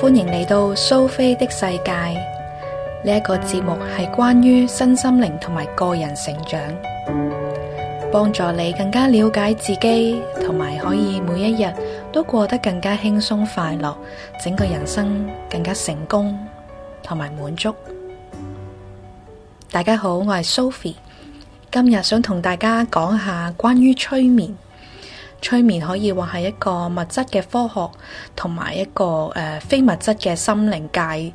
歡迎嚟到 Sophie 的世界，呢個節目係關於身心靈同埋個人成長，幫助你更加了解自己，同埋可以每一日都過得更加輕鬆快樂，整個人生更加成功同埋滿足。大家好，我係 Sophie，今日想同大家講下關於催眠。催眠可以話係一個物質嘅科學，同埋一個誒、呃、非物質嘅心靈界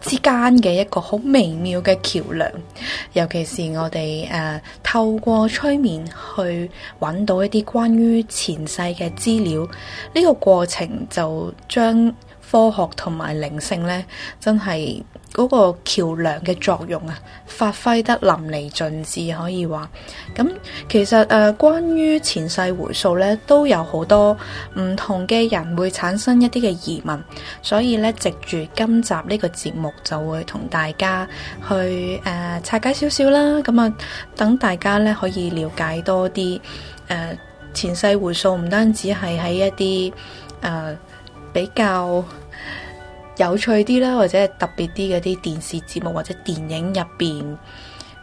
之間嘅一個好微妙嘅橋樑。尤其是我哋誒、呃、透過催眠去揾到一啲關於前世嘅資料，呢、呢個過程就將。科學同埋靈性呢，真係嗰個橋梁嘅作用啊，發揮得淋漓盡致，可以話。咁其實誒、呃，關於前世回溯呢，都有好多唔同嘅人會產生一啲嘅疑問，所以呢，藉住今集呢個節目，就會同大家去誒、呃、拆解少少啦。咁啊，等大家呢，可以了解多啲誒、呃、前世回溯，唔單止係喺一啲誒。呃比較有趣啲啦，或者係特別啲嘅啲電視節目或者電影入邊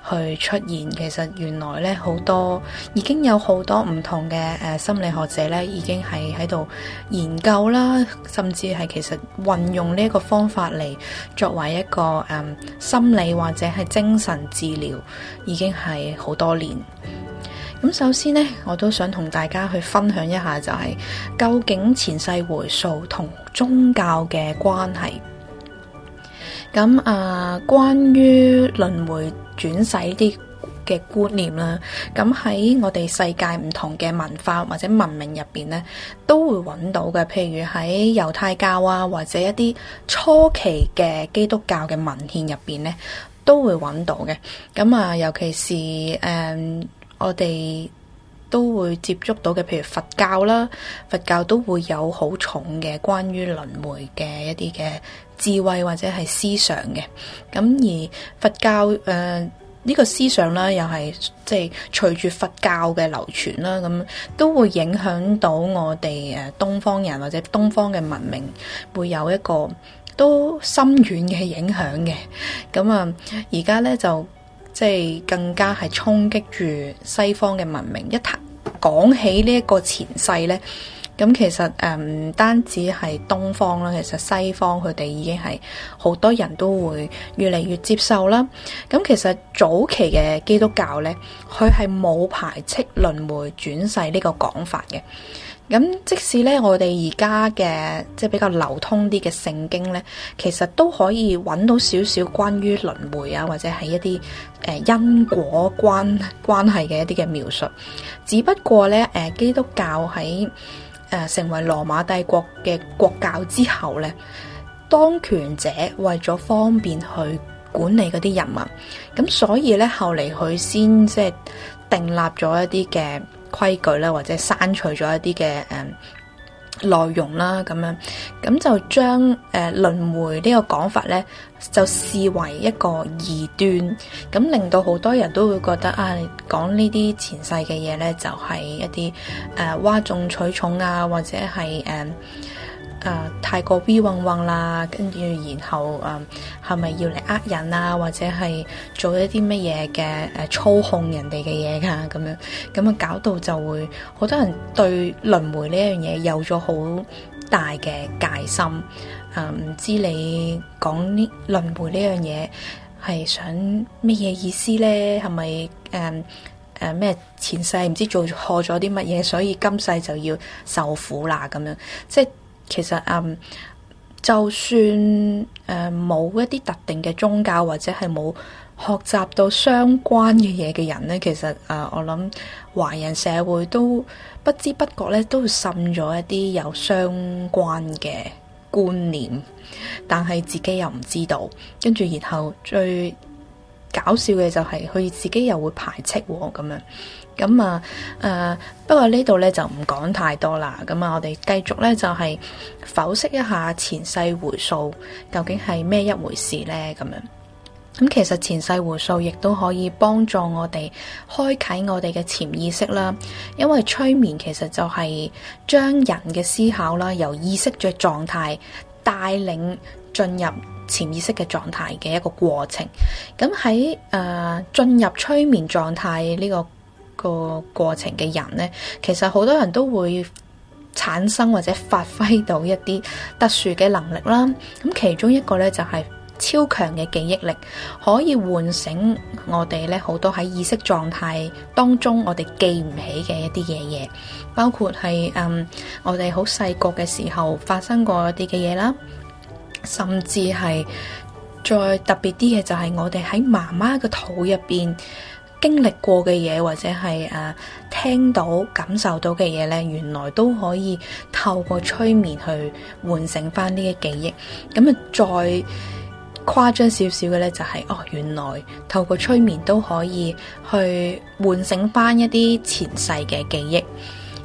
去出現，其實原來呢，好多已經有好多唔同嘅誒心理學者呢，已經係喺度研究啦，甚至係其實運用呢一個方法嚟，作為一個誒心理或者係精神治療，已經係好多年。咁首先呢，我都想同大家去分享一下，就是，就係究竟前世回溯同宗教嘅關係。咁啊，關於輪迴轉世啲嘅觀念啦，咁喺我哋世界唔同嘅文化或者文明入邊呢，都會揾到嘅。譬如喺猶太教啊，或者一啲初期嘅基督教嘅文獻入邊呢，都會揾到嘅。咁啊，尤其是誒。嗯我哋都會接觸到嘅，譬如佛教啦，佛教都會有好重嘅關於輪迴嘅一啲嘅智慧或者係思想嘅。咁而佛教誒呢個思想啦，又係即係隨住佛教嘅流傳啦，咁都會影響到我哋誒東方人或者東方嘅文明會有一個都深遠嘅影響嘅。咁啊，而家咧就。即係更加係衝擊住西方嘅文明。一談講起呢一個前世呢，咁其實誒唔單止係東方啦，其實西方佢哋已經係好多人都會越嚟越接受啦。咁其實早期嘅基督教呢，佢係冇排斥輪迴轉世呢個講法嘅。咁即使咧，我哋而家嘅即係比較流通啲嘅聖經咧，其實都可以揾到少少關於輪迴啊，或者係一啲誒、呃、因果關關係嘅一啲嘅描述。只不過咧，誒、呃、基督教喺誒、呃、成為羅馬帝國嘅國教之後咧，當權者為咗方便去管理嗰啲人民，咁所以咧後嚟佢先即係訂立咗一啲嘅規矩啦，或者刪除咗一啲嘅誒內容啦，咁樣咁就將誒、呃、輪迴呢個講法呢，就視為一個異端，咁令到好多人都會覺得啊，講呢啲前世嘅嘢呢，就係、是、一啲誒嘩眾取寵啊，或者係誒。呃誒、呃，太過 B 嗡嗡啦，跟住然後誒，係、呃、咪要嚟呃人啊，或者係做一啲乜嘢嘅誒操控人哋嘅嘢㗎咁樣，咁啊搞到就會好多人對輪迴呢樣嘢有咗好大嘅戒心。誒、呃，唔知你講呢輪迴呢樣嘢係想乜嘢意思呢？係咪誒誒咩前世唔知做錯咗啲乜嘢，所以今世就要受苦啦？咁樣即係。其實啊，um, 就算誒冇、um, 一啲特定嘅宗教或者係冇學習到相關嘅嘢嘅人咧，其實啊，uh, 我諗華人社會都不知不覺咧，都會滲咗一啲有相關嘅觀念，但係自己又唔知道，跟住然後最搞笑嘅就係佢自己又會排斥喎、啊、咁樣，咁啊誒、啊，不過呢度咧就唔講太多啦，咁啊我哋繼續咧就係、是、剖析一下前世回溯究竟係咩一回事呢？咁樣，咁、嗯、其實前世回溯亦都可以幫助我哋開啟我哋嘅潛意識啦，因為催眠其實就係將人嘅思考啦由意識嘅狀態帶領。進入潛意識嘅狀態嘅一個過程。咁喺誒進入催眠狀態呢個個過程嘅人呢，其實好多人都會產生或者發揮到一啲特殊嘅能力啦。咁其中一個呢，就係超強嘅記憶力，可以喚醒我哋呢好多喺意識狀態當中我哋記唔起嘅一啲嘢嘢，包括係誒、嗯、我哋好細個嘅時候發生過一啲嘅嘢啦。甚至係再特別啲嘅，就係我哋喺媽媽嘅肚入邊經歷過嘅嘢，或者係誒、啊、聽到感受到嘅嘢咧，原來都可以透過催眠去喚醒翻呢啲記憶。咁啊，再誇張少少嘅咧，就係哦，原來透過催眠都可以去喚醒翻一啲前世嘅記憶，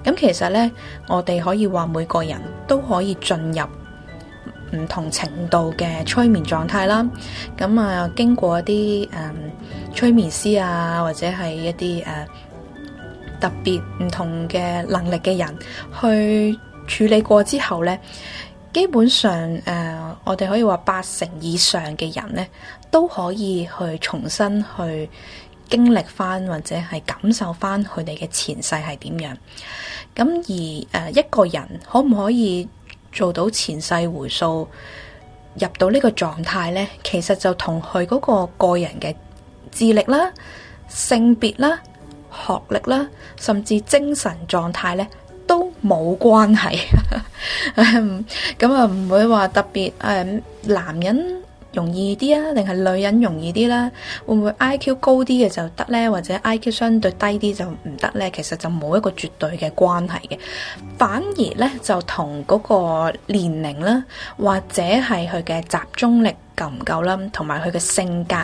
咁其實咧，我哋可以話每個人都可以進入。唔同程度嘅催眠狀態啦，咁啊、呃、經過一啲誒、呃、催眠師啊，或者係一啲誒、呃、特別唔同嘅能力嘅人去處理過之後呢，基本上誒、呃、我哋可以話八成以上嘅人呢，都可以去重新去經歷翻或者係感受翻佢哋嘅前世係點樣，咁而誒、呃、一個人可唔可以做到前世回溯入到呢個狀態呢，其實就同佢嗰個個人嘅智力啦、性別啦、學歷啦，甚至精神狀態呢都冇關係。咁 啊、嗯，唔會話特別誒、嗯、男人。容易啲啊，定係女人容易啲啦？會唔會 IQ 高啲嘅就得呢？或者 IQ 相對低啲就唔得呢？其實就冇一個絕對嘅關係嘅，反而呢，就同嗰個年齡啦，或者係佢嘅集中力夠唔夠啦，同埋佢嘅性格。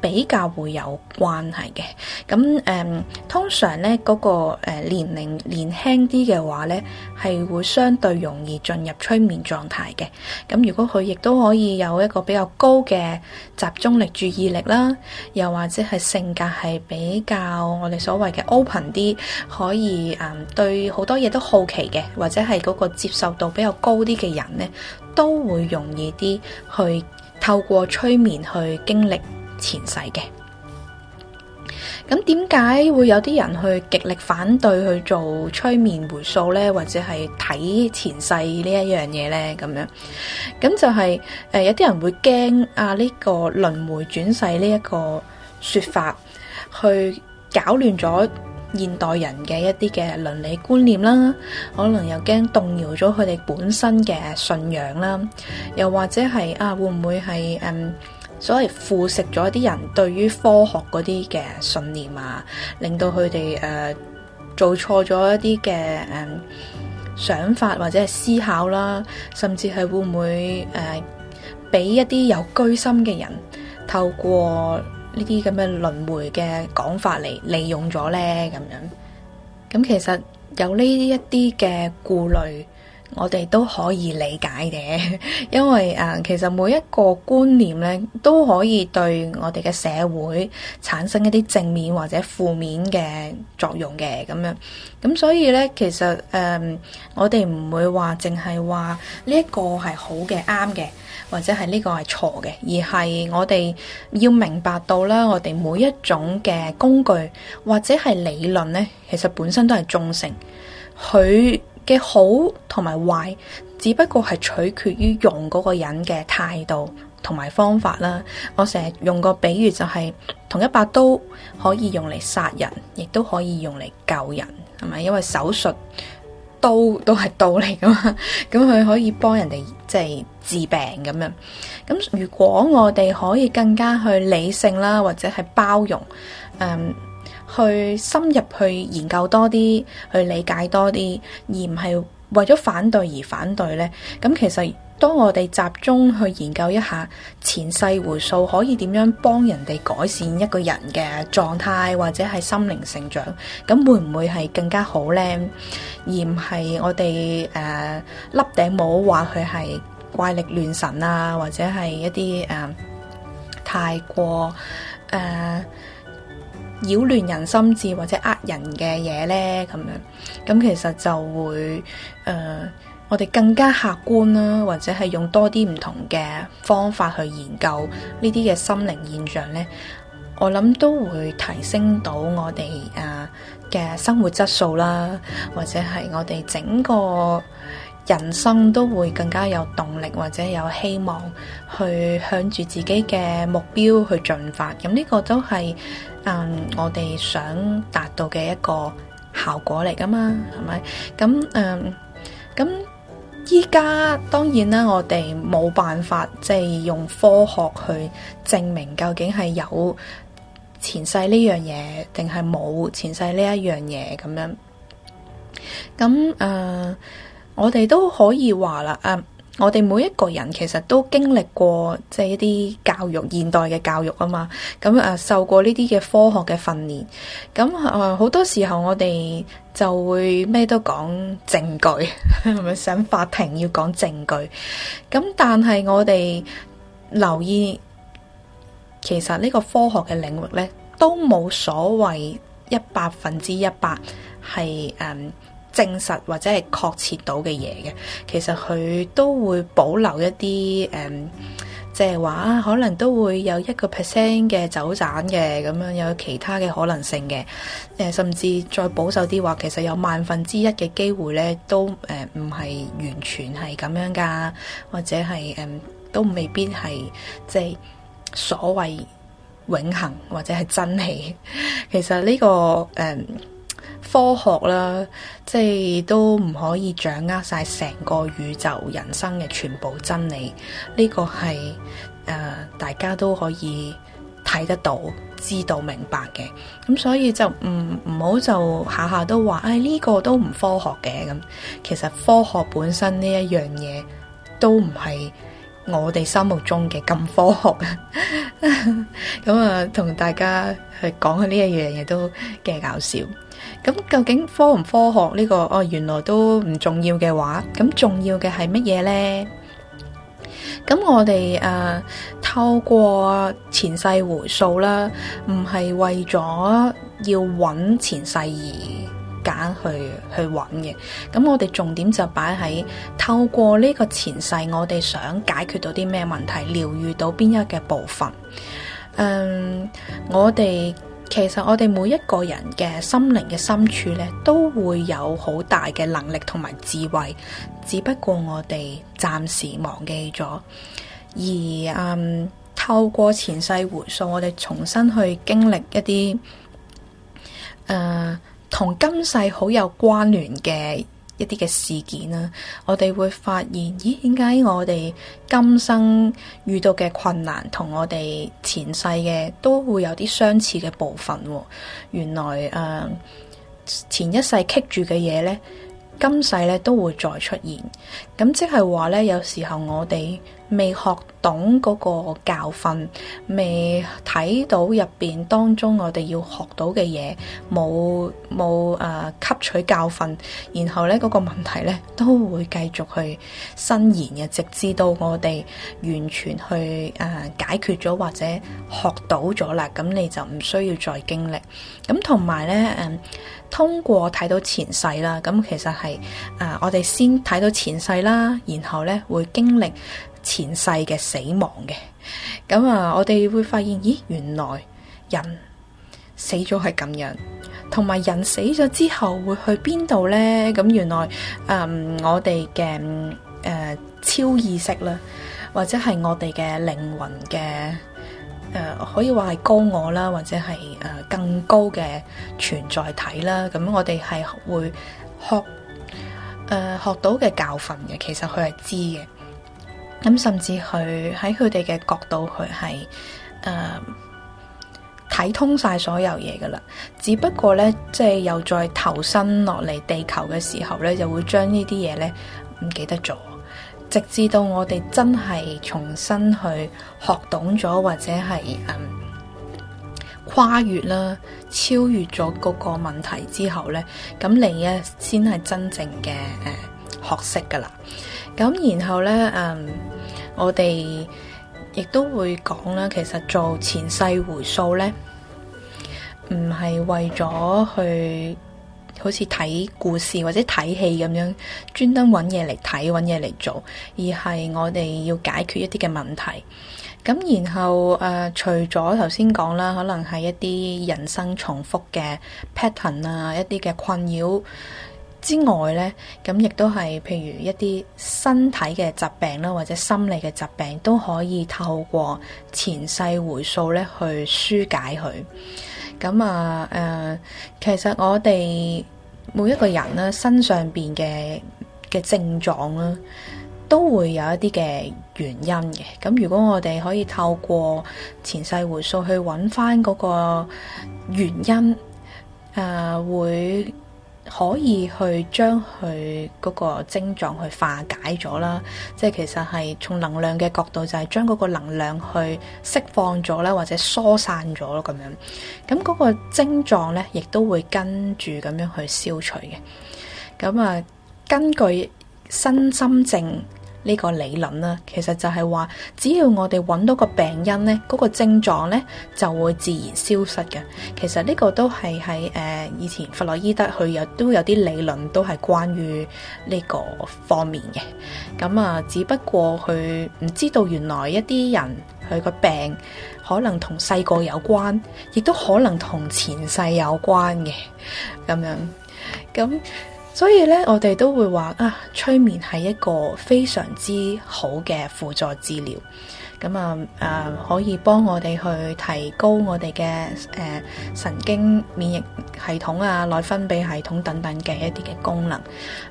比較會有關係嘅，咁誒通常呢，嗰個年齡年輕啲嘅話呢，係會相對容易進入催眠狀態嘅。咁如果佢亦都可以有一個比較高嘅集中力、注意力啦，又或者係性格係比較我哋所謂嘅 open 啲，可以誒對好多嘢都好奇嘅，或者係嗰個接受度比較高啲嘅人呢，都會容易啲去透過催眠去經歷前世嘅，咁點解會有啲人去極力反對去做催眠回溯呢？或者係睇前世呢一樣嘢呢？咁樣，咁就係、是、誒，有啲人會驚啊呢、這個輪迴轉世呢一個說法，去搞亂咗現代人嘅一啲嘅倫理觀念啦，可能又驚動搖咗佢哋本身嘅信仰啦，又或者係啊會唔會係誒？嗯所謂腐蝕咗一啲人對於科學嗰啲嘅信念啊，令到佢哋誒做錯咗一啲嘅誒想法或者係思考啦，甚至係會唔會誒俾、呃、一啲有居心嘅人透過呢啲咁嘅輪回嘅講法嚟利用咗咧？咁樣咁其實有呢一啲嘅顧慮。我哋都可以理解嘅，因為誒，其實每一個觀念咧，都可以對我哋嘅社會產生一啲正面或者負面嘅作用嘅咁樣。咁所以咧，其實誒、呃，我哋唔會話淨係話呢一個係好嘅啱嘅，或者係呢個係錯嘅，而係我哋要明白到啦，我哋每一種嘅工具或者係理論咧，其實本身都係中性佢嘅好同埋壞，只不過係取決於用嗰個人嘅態度同埋方法啦。我成日用個比喻就係、是，同一把刀可以用嚟殺人，亦都可以用嚟救人，係咪？因為手術刀都係刀嚟㗎嘛，咁 佢、嗯、可以幫人哋即係治病咁樣。咁、嗯、如果我哋可以更加去理性啦，或者係包容，誒、嗯。去深入去研究多啲，去理解多啲，而唔係為咗反對而反對咧。咁其實當我哋集中去研究一下前世回溯，可以點樣幫人哋改善一個人嘅狀態，或者係心靈成長，咁會唔會係更加好咧？而唔係我哋誒笠頂帽話佢係怪力亂神啊，或者係一啲誒、呃、太過誒。呃擾亂人心智或者呃人嘅嘢呢，咁樣，咁其實就會誒、呃，我哋更加客觀啦，或者係用多啲唔同嘅方法去研究呢啲嘅心靈現象呢，我諗都會提升到我哋啊嘅生活質素啦，或者係我哋整個。人生都會更加有動力或者有希望去向住自己嘅目標去進發，咁、嗯、呢、呢個都係嗯我哋想達到嘅一個效果嚟噶嘛，係咪？咁嗯咁依家當然啦，我哋冇辦法即係用科學去證明究竟係有前世呢樣嘢，定係冇前世呢一樣嘢咁樣。咁、嗯、誒。嗯我哋都可以話啦，誒，我哋每一個人其實都經歷過即係一啲教育，現代嘅教育啊嘛，咁、嗯、誒受過呢啲嘅科學嘅訓練，咁誒好多時候我哋就會咩都講證據，咪 上法庭要講證據，咁、嗯、但係我哋留意，其實呢個科學嘅領域呢，都冇所謂一百分之一百係誒。證實或者係確切到嘅嘢嘅，其實佢都會保留一啲誒，即係話可能都會有一個 percent 嘅走盞嘅，咁樣有其他嘅可能性嘅，誒、嗯、甚至再保守啲話，其實有萬分之一嘅機會呢都誒唔係完全係咁樣㗎，或者係誒、嗯、都未必係即係所謂永恆或者係真氣，其實呢、這個誒。嗯科學啦，即係都唔可以掌握晒成個宇宙人生嘅全部真理，呢、這個係誒、呃、大家都可以睇得到、知道明白嘅。咁所以就唔唔好就下下都話誒呢個都唔科學嘅咁。其實科學本身呢一樣嘢都唔係。我哋心目中嘅咁科學、 嗯、啊，咁啊同大家去講下呢一樣嘢都幾搞笑。咁、嗯、究竟科唔科學呢、這個哦，原來都唔重要嘅話，咁、嗯、重要嘅係乜嘢呢？咁、嗯嗯、我哋啊，透過前世回溯啦，唔、啊、係為咗要揾前世而。解去去揾嘅，咁我哋重點就擺喺透過呢個前世，我哋想解決到啲咩問題，療愈到邊一嘅部分。嗯，我哋其實我哋每一個人嘅心靈嘅深處呢，都會有好大嘅能力同埋智慧，只不過我哋暫時忘記咗。而嗯，透過前世回溯，我哋重新去經歷一啲誒。呃同今世好有關聯嘅一啲嘅事件啦，我哋會發現，咦？點解我哋今生遇到嘅困難，同我哋前世嘅都會有啲相似嘅部分？原來誒、呃，前一世棘住嘅嘢呢。今世咧都會再出現，咁即係話咧，有時候我哋未學懂嗰個教訓，未睇到入邊當中我哋要學到嘅嘢，冇冇誒吸取教訓，然後咧嗰、那個問題咧都會繼續去伸延嘅，直至到我哋完全去誒、呃、解決咗或者學到咗啦，咁你就唔需要再經歷。咁同埋咧，誒、呃。通過睇到前世啦，咁其實係啊、呃，我哋先睇到前世啦，然後咧會經歷前世嘅死亡嘅，咁啊、呃，我哋會發現咦，原來人死咗係咁樣，同埋人死咗之後會去邊度呢？咁原來誒、呃，我哋嘅誒超意識啦，或者係我哋嘅靈魂嘅。誒、呃，可以話係高我啦，或者係誒、呃、更高嘅存在體啦。咁我哋係會學誒、呃、學到嘅教訓嘅。其實佢係知嘅。咁、嗯、甚至佢喺佢哋嘅角度，佢係誒睇通晒所有嘢噶啦。只不過咧，即、就、係、是、又再投身落嚟地球嘅時候咧，就會將呢啲嘢咧唔記得咗。直至到我哋真係重新去學懂咗，或者係、嗯、跨越啦、超越咗嗰個問題之後呢，咁你呢先係真正嘅誒、嗯、學識噶啦。咁然後呢，嗯，我哋亦都會講啦，其實做前世回溯呢，唔係為咗去。好似睇故事或者睇戲咁樣，專登揾嘢嚟睇、揾嘢嚟做，而係我哋要解決一啲嘅問題。咁然後誒，呃，除咗頭先講啦，可能係一啲人生重複嘅 pattern 啊，一啲嘅困擾之外呢，咁亦都係譬如一啲身體嘅疾病啦，或者心理嘅疾病都可以透過前世回溯呢去紓解佢。咁啊，誒，其實我哋每一個人咧身上邊嘅嘅症狀咧、啊，都會有一啲嘅原因嘅。咁如果我哋可以透過前世回溯去揾翻嗰個原因，誒、啊、會。可以去將佢嗰個症狀去化解咗啦，即係其實係從能量嘅角度，就係將嗰個能量去釋放咗咧，或者疏散咗咯咁樣。咁、咁、嗰個症狀咧，亦都會跟住咁樣去消除嘅。咁啊，根據身心症。呢個理論啦，其實就係話，只要我哋揾到個病因呢，嗰個症狀呢，就會自然消失嘅。其實呢個都係喺誒以前弗洛伊德佢有都有啲理論都係關於呢個方面嘅。咁啊，只不過佢唔知道原來一啲人佢個病可能同細個有關，亦都可能同前世有關嘅咁樣咁。所以咧，我哋都會話啊，催眠係一個非常之好嘅輔助治療，咁、嗯、啊誒，可以幫我哋去提高我哋嘅誒神經免疫系統啊、內分泌系統等等嘅一啲嘅功能。誒、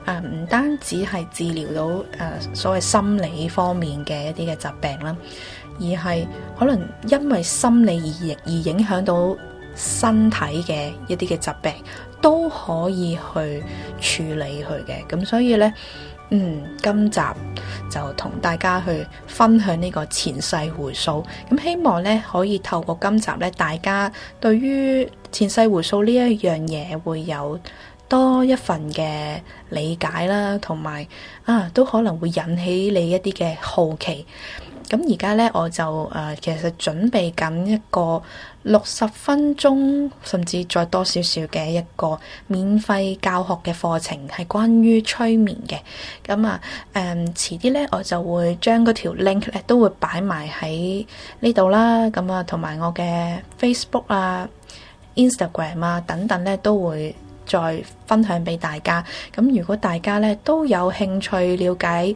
啊，唔單止係治療到誒、啊、所謂心理方面嘅一啲嘅疾病啦，而係可能因為心理而影而影響到身體嘅一啲嘅疾病。都可以去處理佢嘅，咁所以呢，嗯，今集就同大家去分享呢個前世回溯，咁希望呢，可以透過今集呢，大家對於前世回溯呢一樣嘢會有多一份嘅理解啦，同埋啊，都可能會引起你一啲嘅好奇。咁而家咧，我就誒、呃、其實準備緊一個六十分鐘，甚至再多少少嘅一個免費教學嘅課程，係關於催眠嘅。咁啊誒，遲啲咧，我就會將嗰條 link 咧都會擺埋喺呢度啦。咁啊，同埋我嘅 Facebook 啊、Instagram 啊等等咧，都會再分享俾大家。咁如果大家咧都有興趣了解，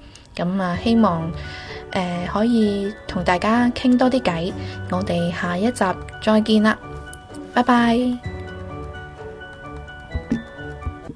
咁啊，希望誒、呃、可以同大家傾多啲偈，我哋下一集再見啦，拜拜。